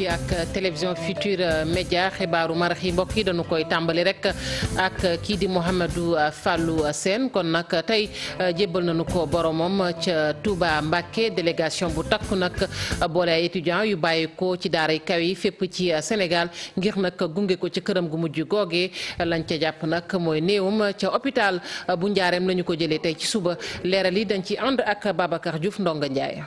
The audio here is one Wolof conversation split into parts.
bi ak télévision future Médias xibaaru marax yi mbokk yi dañu koy tàmbali rek ak kii di Mouhamadou Fallou seen kon nag tey euh, jébbal nañu ko boromam ca Touba Mbacké délégation bu takku nag boole ay étudiants yu bàyyi ko ci daara yu kaw yi fépp ci Sénégal ngir nag gunge ko ci këram gu mujj googee lañ ca jàpp nag mooy néewam ca hôpital bu Njaareem lañu ko jëlee tey ci suba leeral yi dañ ci ànd ak Babacar Diouf Ndonga Ndiaye.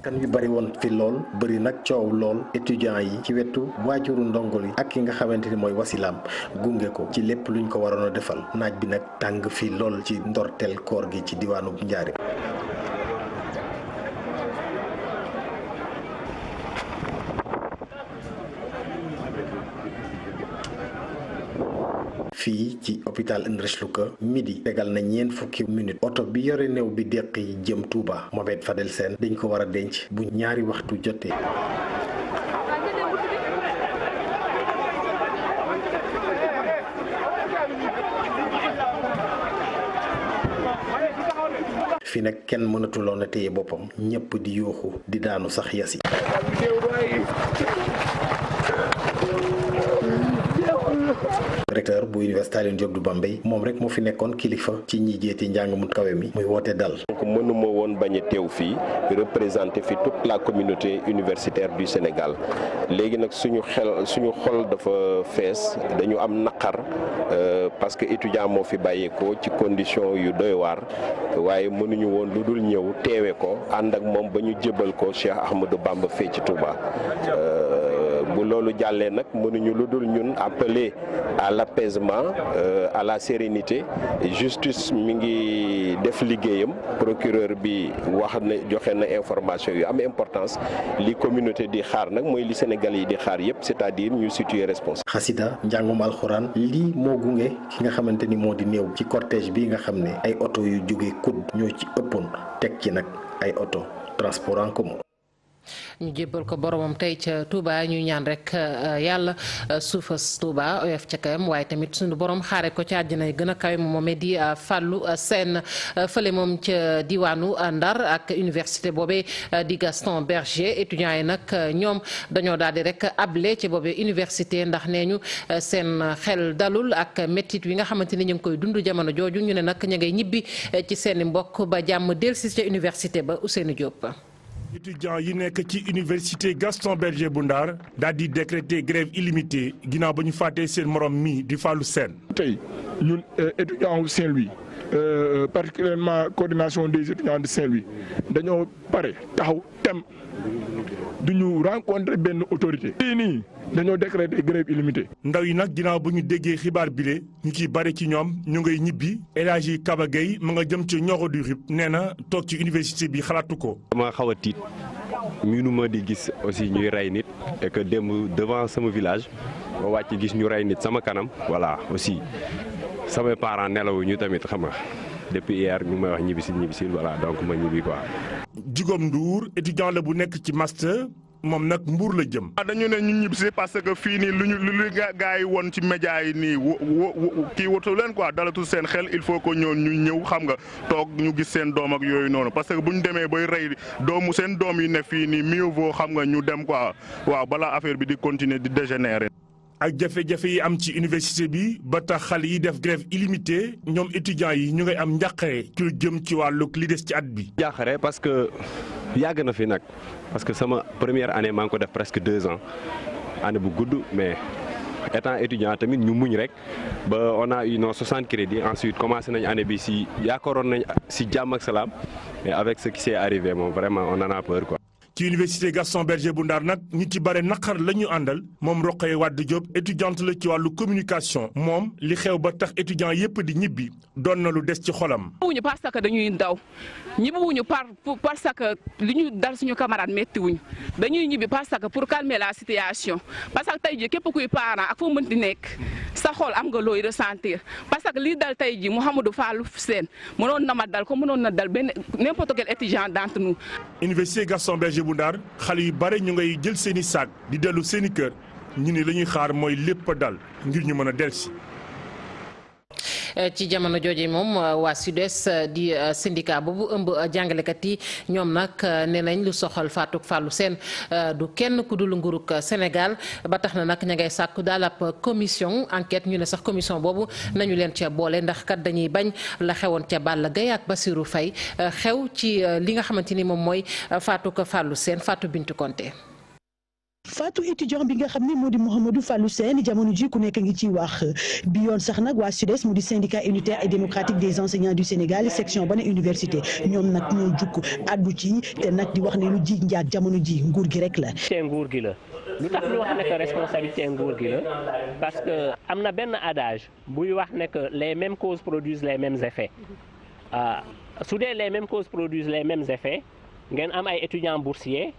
kan wi bari woon fi lool bëri nag coow lool étudiant yi ci wetu waajuru ndongo li ak ki nga xamante ni mooy wasilaam gunge ko ci lépp luñ ko waroon a defal naaj bi nag tàng fi lool ci ndorteel koor gi ci diwaanu Njaare fii ci hôpital Heinrich Lucke midi tegal na ñeent fukki minute bi yore néew bi deq yi jëm Touba Mohamed Fadel Sène dañ ko war a denc bu ñaari waxtu jotee. fii nag kenn mënatuloona a boppam ñépp di yuuxu di daanu sax yasi recteur bu université Alioune Diop du Bambey moom rek moo fi nekkoon kilifa ci ñi jeeti njàng mu kawe mi muy woote dal donc mënuma woon bañ a teew fii représenté fi toute la communauté universitaire du Sénégal léegi nag suñu xel suñu xol dafa fees dañu am naqar euh, parce que étudiant moo fi bàyyeekoo ci condition yu doy waar waaye mënuñu woon lu dul ñëw teewee ko ànd ak moom ba ñu jëbal ko Cheikh Ahmadou Bamba fee ci Touba euh, bu loolu jàllee nag mënuñu lu dul ñun appeler à la l'apaisement euh, à la sérénité justice mi ngi def liggéeyam procureur bi wax na joxe na information yu am importance li communauté di xaar nag mooy li Sénégal yi di xaar yëpp c'est-à-dire ñu situer responsable. xasida njàngum alxuraan lii moo gunge ki nga xamante ni moo di néew ci cortège bi nga xam ne ay oto yu jóge kud ñoo ci ëppoon teg ci nag ay oto transport en ñu jébbal ko boromam tey ca Touba ñuy ñaan rek uh, yàlla uh, suufas Touba oyof ca kayam waaye tamit suñu borom xaare ko ci àjjana yi gën a kawe moomee di uh, Fallou Sène fële moom ca diwaanu Ndar ak université boobee di Gaston Berger étudiants yi nag ñoom dañoo daal di rek able ci boobee université ndax nee ñu seen xel dalul ak méttit wi nga xamante ni ñu ngi koy dund jamono jooju ñu ne nag ña ngay ñibbi ci seen mbokk ba jàmm dellusi ca université ba u Ousseynou Diop. étudiants yi nekk ci université Gaston Berger bu Ndar daal di décréter grève illimitée ginnaaw ba ñu fàttee seen moroom mi di Fallou Sène tey ñun euh, étudiants wu Saint-Louis Euh, particulièrement coordination des étudiants de Saint-Louis dañoo pare taxaw tem ñu rencontrer benn autorité. lii nii dañoo décréter grève illimité. ndaw yi nag ginnaaw bu ñu déggee xibaar bile ñu ciy bari ci ñoom ñu ngay ñibbi El Hadji Kaba Gueye mu nga jëm ci Nioro du Rip nee na toog ci université bi xalaatu ko. dama xaw a tiit miinuma di gis aussi ñuy rey nit et que démb devant sama village ma wàcc gis ñu rey nit sama kanam. voilà aussi samay parents nelawuñu tamit xam nga depuis hier ñu may wax ñibbisil ñibbisil voilà donc ma ñibbi quoi. Jigom Ndour étudiant bu nekk ci master. moom nag mbuur la jëm. waaw dañu ne ñun ñibbisi parce que fii nii lu ñu lu gaa yi woon ci média yi nii wo kii wutu leen quoi dalatu seen xel il faut que ñoon ñu ñëw xam nga toog ñu gis seen doom ak yooyu noonu parce que bu ñu demee bay rey doomu seen doom yi ne fii nii mieux vaut xam nga ñu dem quoi waaw balaa affaire bi di continuer di dégénérer. ak jafe-jafe yi am ci université bi ba tax xale yi def grève illimité ñoom étudiants yi ñu ngay am njàqare ci lu jëm ci wàllu li ci at bi. parce que. yàgg na fi nag parce que sama première année maa ngi ko def presque deux ans année bu gudd mais étant étudiant tamit ñu muñ rek ba on a eu nos 60 crédits ensuite commencé nañ année bi si yaakaaroon nañ si jàmm ak salaam mais avec ce qui s'est arrivé moom vraiment on na a peur quoi. ci université Gaston Berger bu Ndar nag ñu ci bare naqar la ñu àndal moom Roqaye Wade Diop étudiante la ci wàllu communication moom li xew ba tax étudiant yépp di ñibbi doon na lu des ci xolam. ñibbiwuñu parce que dañuy ndaw ñibbiwuñu par parce que li ñu dal suñu camarade méttiwuñu dañuy ñibbi parce que pour calmer la situation parce que tey jii képp kuy parent ak foo mën di nekk sa xol am nga looy ressentir parce que lii dal tey jii mu Fallou Sène mënoon na ma dal ko mënoon na dal benn n'importe quel étudiant d'entre projet Ndar xale yu bare ñu ngay jël seen i saak di dellu seen i kër ñu ni la ñuy xaar mooy lépp a dal ngir ñu mën a delsi ci jamono jooje moom euh, waa SUDES euh, di euh, syndicat boobu ëmb jàngalekat yi ñoom nag nee nañ lu soxal Fatou Fallou Sène du kenn ku dul nguurug Sénégal ba tax na nag ña ngay sàkku daal ab commission enquête ñu ne sax commission boobu nañu leen ca boole ndax kat dañuy bañ la xewoon ca Balla Gaye ak Bassirou Faye xew ci li nga xamante ni moom mooy ko fàllu seen Fatou Bintou Konté faatu étudiant bi nga xam ne moo di Mouhamadou Fallou Sène jamono ji ku nekk ngi ciy wax bi yoon sax nag waa SUDES mu di syndicat unitaire et démocratique des enseignants du Sénégal section ba ne université ñoom nag ñoo jukk addu ci te nag di wax ne lu ji njaat jamono ji nguur gi rek la. tey nguur gi la lu tax ñu wax ne responsabilité nguur gi la parce que am na benn adage buy wax ne que les mêmes causes produisent les mêmes effets ah, su dee les même causes produisent les mêmes ngeen am ay étudiants boursiers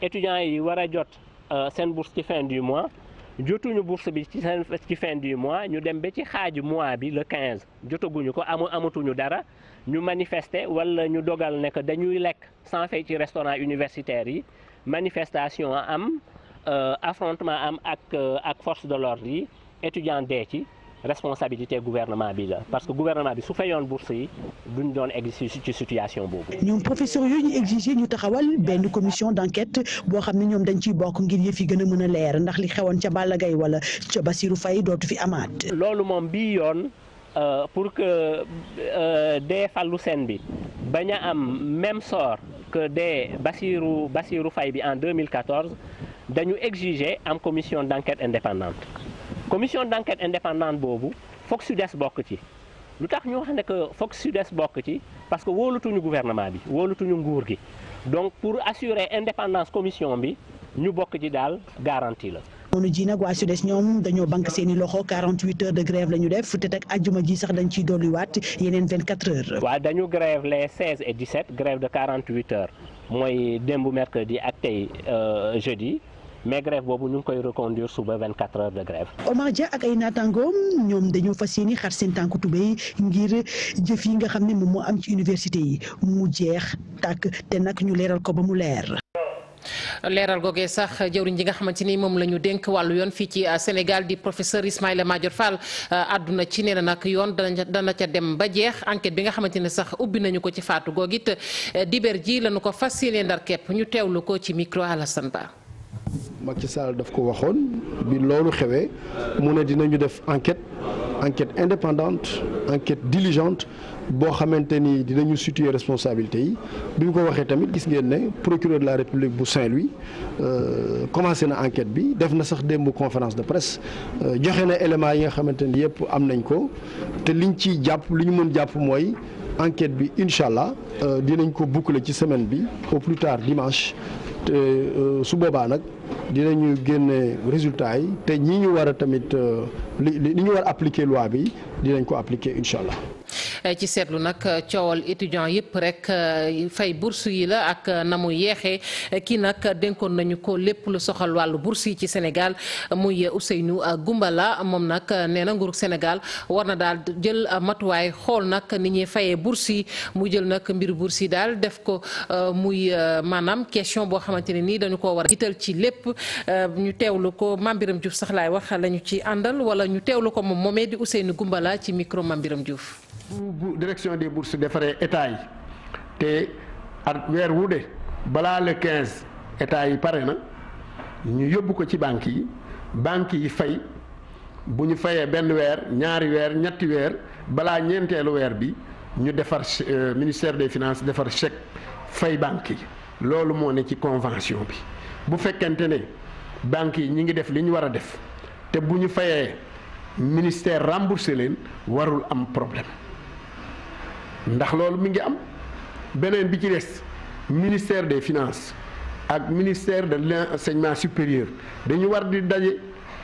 étudiants yi war a jot. Euh, seen bourse ci fin du mois jotuñu bourse bi ci seen ci fin du mois ñu dem ba ci xaaju mois bi le quinze jotaguñu ko amu amatuñu dara ñu manifester wala ñu dogal ne que dañuy lekk sans fay ci restaurant universitaire yi manifestation am euh, affrontement am ak euh, ak force de l'ordre yi étudiant dee ci responsabilité gouvernement bi la parce que gouvernement bi su fayoon bourse yi duñ doon exister ci situation boobu. ñoom professeur yooyu ñu exiger ñu taxawal benn commission d' enquête boo xam ne ñoom dañ ciy bokk ngir yëf fi gën a mën a leer ndax li xewoon ca Balla Gaye wala ca Bassirou fay dootu fi amaat. loolu moom bii yoon euh, pour que euh, dee Fallou Sène bi bañ a am même sort que dee Bassirou fay bi en 2014 dañu exiger am commission d' enquête indépendante. commission d' enquête indépendante boobu foog des bokk ci lu tax ñu wax ne que foog SUDES bokk ci parce que wóolutuñu gouvernement bi wóolutuñu nguur gi donc pour assurer indépendance commission bi ñu bokk ci daal garantie la. noonu ji nag waa des ñoom dañoo banque seeni loxo 48 heures de grève la ñu def te ak ajjuma ji sax dañ ciy dolliwaat yeneen 24 heures. waaw dañu grève les 16 et 17 grève de 48 heures mooy démb mercredi ak tey euh, jeudi. mais grève boobu ñu ngi koy reconduire suba 24 heures de grève. Omar Dia ak ay naataangoom ñoom dañoo fas yéene xar seen tànku tubéy ngir jëf yi nga xam ne moom moo am ci université yi mu jeex tàkk te nag ñu leeral ko ba mu leer. leeral googee sax jëwriñ ji nga xamante ni moom la ñu dénk wàllu yoon fii ci euh, Sénégal di professeur Ismaïla Madior fal euh, àdduna ci nee na nag yoon dana dana ca dem ba jeex enquête bi nga xamante ne sax ubbi nañu ko ci faatu googit euh, dibeer ji lañu ko fas yéene ndar képp ñu teewlu ko ci micro Alassane Ba Macky Sall daf ko waxoon bi loolu xewee mu ne dinañu def enquête enquête indépendante enquête diligente boo xamante ni dinañu situer responsabilité yi bi mu ko waxee tamit gis ngeen ne procureur de la république bu Saint-Louis euh, commencé na enquête bi def na sax démb conférence de presse euh, joxe na éléments yi nga xamante ni yëpp am nañ ko te liñ ciy jàpp li ñu mën jàpp mooy. enquête bi incha allah euh, dinañ ko boucler ci semaine bi au plus tard dimanche te euh, su boobaa nag dinañu génne résultat yi te ñi ñu war a tamit euh, li li ñu war a appliquer loi bi dinañ ko appliquer incha allah. Eh, ci seetlu nag eh, coowal étudiant yëpp rek eh, fay bourse yi la ak na mu yeexee kii nag dénkoon nañu ko lépp lu soxal wàllu bourse yi ci Sénégal muy Ousseynou Goumbala moom nag nee na nguurug Sénégal war na daal jël matuwaay xool nag ni ñuy fayee bourse yi mu jël nag mbir bourse yi daal def ko muy maanaam question boo xamante ne nii dañu ko war a jiital ci lépp ñu teewlu ko Mambiram Diouf sax laay wax lañu ci àndal wala ñu teewlu ko moom moomee di Ousseynou Goumbala ci micro Mambiram Diouf bu direction des bourses defaree état yi te at weer wu de balaa le quinze état yi pare na ñu yóbbu ko ci banque yi banques yi fay bu ñu fayee benn weer ñaari weer ñetti weer balaa ñeenteelu weer bi ñu defar euh, ministère des finance defar chèque fay banques yi loolu moo ne ci convention bi bu fekkente ne banques yi ñu ngi def li ñu war a def te bu ñu fayee ministère remboursé leen warul am problème ndax loolu mi ngi am beneen bi ci des ministère des finances ak ministère de l'enseignement supérieur dañu war di daje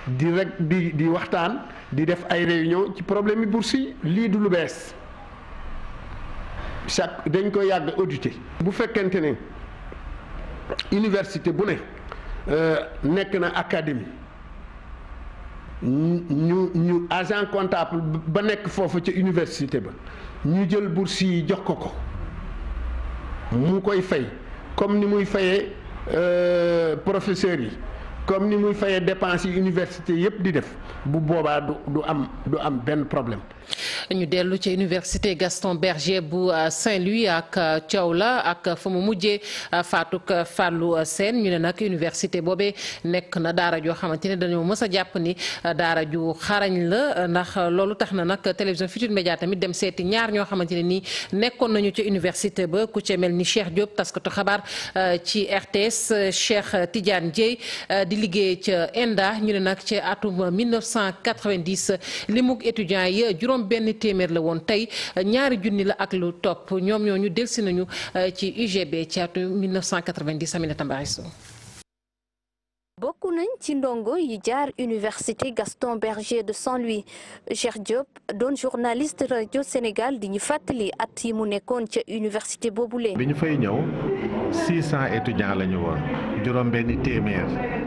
di rek di di waxtaan di def ay réunion ci problème yi bourse yi lii du lu bees chaque dañ ko yàgg audité bu fekkente ne université bu ne euh, nekk na académie ñu ñu agent comptable ba nekk foofu ca université ba ñu jël bourse yi jox ko ko mu koy fay comme ni muy fayee euh, professeurs yi comme ni muy fayee dépenses yi université yëpp di def bu boobaa du du am du am benn problème. ñu dellu ci université Gaston Berger bu euh, Saint-Louis ak euh, cow la ak fa mu mujjee euh, faatuk Fallou seen ñu ne nag université boobee nekk na daara joo xamante ne dañoo mës a jàpp ni daara ju xarañ la ndax loolu tax na nag télévision Futurs Médias tamit dem seeti ñaar ñoo xamante ne nii nekkoon nañu ci université ba ku ci mel ni Cheikh Diop taskatu xabaar ci RTS Cheikh Tidiane Dieye di liggéey ca inda ñu ne nag ci atum 1990 limug étudiants yi juróom benn téeméer la woon tey ñaari junni la ak lu top ñoom ñoo ñu delsi nañu eh, ci UGB ci atum 1990 Aminata Mbarisso bokk nañ ci ndongo yi jaar université Gaston Berger de Saint-Louis Cheikh Diop doon journaliste radio Sénégal di ñu fàttali at yi mu nekkoon ca université boobule. bi ñu fay ñëw 600 étudiants woon juróom benni téeméer.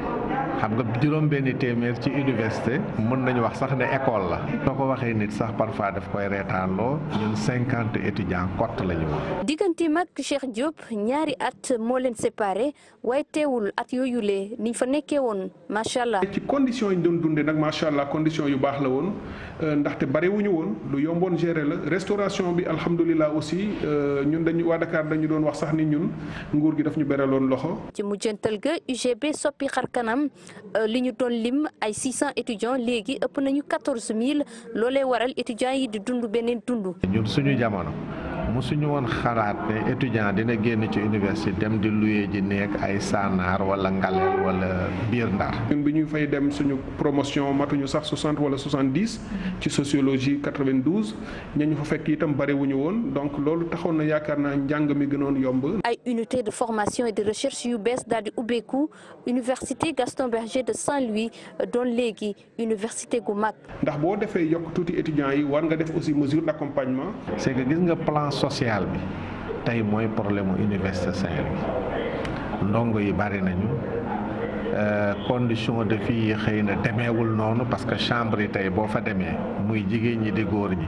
xam nga juróom-benni téeméer ci université mën nañu wax sax ne école la soo ko waxee nit sax parfois daf koy reetaanloo ñun cinquante étudiants kott la ñu wax. diggante mag Cheikh Diop ñaari at moo leen séparé waaye teewul at yooyu lee niñ fa nekkee woon macha allah. ci condition yi ñu doon dundee nag macha allah conditions yu baax la woon euh, ndaxte barewuñu woon lu yomboon gérer la restauration bi alhamdulilah aussi euh, ñun dañu waa Dakar dañu doon wax sax ni ñun nguur gi daf ñu beraloon loxo. Euh, li ñu doon lim ay 600 étudiants léegi ëpp nañu 14000 loolee waral étudiants yi di dund beneen dund. ñun suñu jamono. musuñu woon xalaat ne étudiant dina génn ci université dem di luyee ji nekk ay saanaar wala ngaleel wala biir ndar. ñun bi ñu fay dem suñu promotion matuñu sax 60 wala 70 ci sociologie 92 ñañu fa fekk itam barewuñu woon donc loolu taxoon na yaakaar naa njàng mi gënoon yomb. ay unité de formation et de recherche yu bees daal di ubbeeku université Gaston Berger de Saint-Louis doon léegi université gu mag. ndax boo defee yokk tuuti étudiants yi war nga def aussi sociale bi tey mooy problème mu université saint ndongo yi bari nañu Euh, condition de vie yi xëy na demeewul noonu parce que chambre yi tey boo fa demee muy jigéen ñi di góor ñi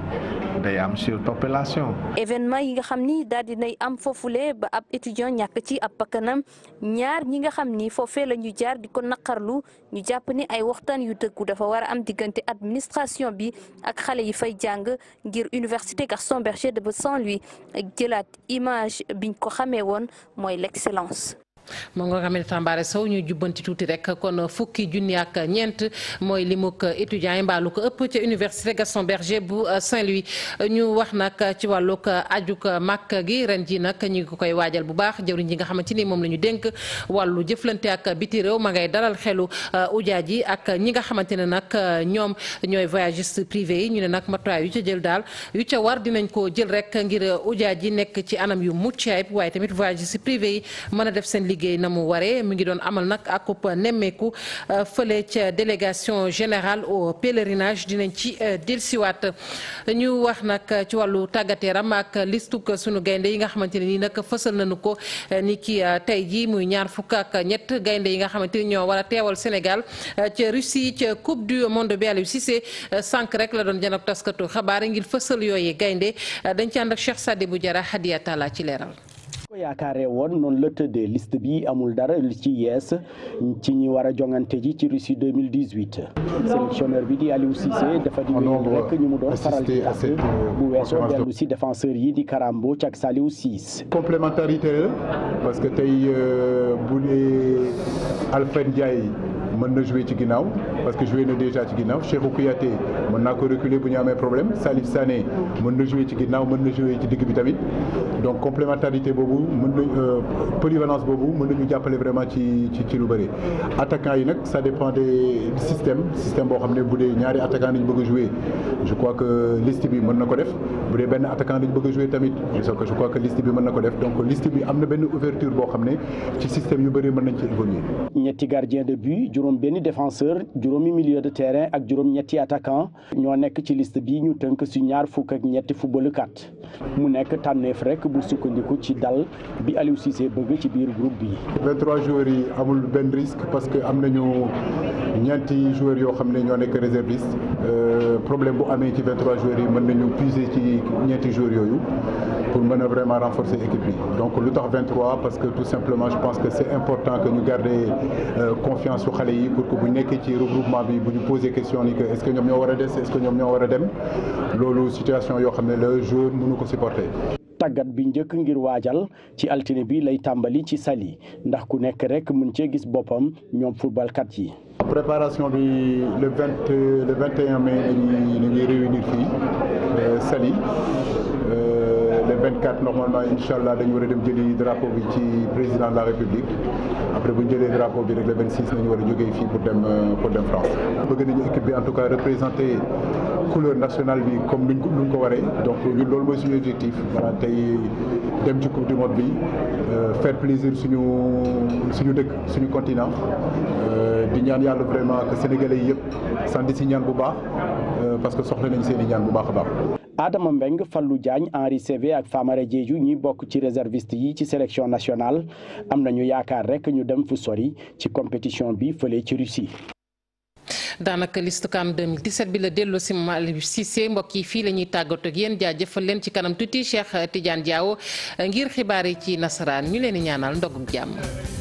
day am surpopulation. événement yi nga xam ni daal di nay am foofule ba ab étudiant ñàkk ci ab bakkanam ñaar ñi nga xam ni foofee la ñu jaar di ko naqarlu ñu jàpp ni ay waxtaan yu dëggu dafa war a am diggante administration bi ak xale yi fay jàng ngir université Gaston Berger de saint ak jëlaat image biñ ko xamee woon mooy l'excellence. moom nga xam ne Tambare Sow ñu jubbanti tuuti rek kon fukki junni ak ñeent mooy limuk étudiants yi mbaalu ko ëpp ca université Gaston Berger bu Saint-Louis ñu wax nag ci wàllug ajuk màkk gi ren ji nag ñu ngi koy waajal bu baax jëwriñ ji nga xamante ni moom la dénk wàllu jëflante ak biti réew ma ngay dalal xelu ujaaj uh, yi ak ñi nga xamante ne nag uh, ñoom ñooy voyagiste privé yi ñu ne nag matuwaay yu ca jël daal yu ca war dinañ ko jël rek ngir ujaaj yi nekk ci anam yu mucc waaye tamit voyagiste privé yi mën a def seen liggéey liggéey na mu waree mu ngi doon amal nag akub nemmeeku euh, fële ca délégation générale au pèlerinage dinañ ci euh, dellusiwaat ñu wax nag ci wàllu tàggat yaram ak listuk sunu gaynde yi nga xamante ne nii nag fësal nañu ko euh, ni ki tey jii muy ñaar fukk ak ñett gaynde yi nga xamante ni ñoo war a teewal Sénégal ca Russie ca coupe du monde bi si Cissé sànq rek la doon janok taskatu xabaar ngir fësal yooyu gaynde dañ ci ànd ak Cheikh Sadibou Diarra Hadia Talla ci leeral ko yaakaaree woon noonu la tëddee list bi amul dara lu ci yees ci ñi war a jongante ji ci Russie 2018 sélectionneur bi di Aliou Cissé dafa di wéyal rek ñu mu doon faral di tàkk euh, bu weesoo dellu si défenseur yi di Karambo ak Saliou Ciss complémentarité la parce que tey euh, bu dee Alfred Ndiaye mën na jouer ci ginnaaw parce que joué na déjà ci ginnaaw Cheikhou Kouyaté mën naa ko reculer bu ñu amee problème Salif Sané mën na jouer ci ginnaaw mën na jouer ci digg bi tamit donc complémentarité boobu mën na euh, polyvalence jàppale vraiment ci ci lu bëri. attaquant yi nag ça dépend des boo xam ne bu dee ñaari attaquant lañu bëgg jouer je crois que liste bi mën na ko def bu dee benn attaquant lañu bëgg a jouer tamit je crois que liste bi mën na ko def donc liste bi am na benn ouverture boo xam ne ci yu bëri mën nañ ci benn défenseur juróomi milieu de terrain ak juróom ñetti attaquant ñoo nekk ci liste bi ñu tënk si ñaar fukk ak ñetti footballkat mu nekk tànneef rek bu sukkandiku ci dal bi Aliou Cissé bëgg ci biir groupe bi. 23 joueurs yi amul benn risque parce que am nañu ñeenti joueurs yoo xam ne ñoo nekk réserviste euh, problème bu amee ci 23 joueurs yi mën nañu puiser ci ñeenti joueurs yooyu. pour mën a vraiment renforcer équipe bi donc lu tax 23 parce que tout simplement je pense que c' est important que ñu garder euh, confiance su xale yi pour que bu nekkee ci regroupement bi bu ñu poser question ni que est ce que ñoom ñoo war a des est ce que ñoom ñoo war dem loolu situation yoo xam ne la joueur mënu ko supporter. tàggat bi njëkk ngir waajal ci altine bi lay tàmbali ci Saly ndax ku nekk rek mën cee gis boppam ñoom kat yi. préparation bi le vingt le vingt mai la ñuy la le 24 normalement incha allah dañu war a dem jëli drapeau bi ci président de la république après bu ñu jëlee drapeau bi rek le 26 nañu war a jógee fii pour dem euh, pour dem France. bëgg nañu équipe bi en tout cas représenter couleur nationale bi comme nuñ ko nuñ ko waree donc loolu mooy suñu objectif maanaam tey dem ci coupe bi euh, faire plaisir suñu suñu dëkk suñu continent. Euh, di ñaan yàlla vraiment que sénégalais yi yëpp sandi si ñaan bu baax euh, parce que soxla nañ seen ñaan bu baax a baax. Adama Mbengue Fallou Diagne Henri Saivet ak Famara jeeju ñi bokk ci réserviste yi ci sélection nationale am nañu yaakaar rek ñu dem fu sori ci compétition bi fële ci Russie. daanaka liste CAN 2017 bi la delloo si Malick Cissé mbokk yi fii la ñuy tàggatoo ak yéen jaajëfal leen ci kanam tuuti Cheikh Tidiane Diawo ngir xibaar yi ci nasaraan ñu leen di ñaanal ndogub jàmm.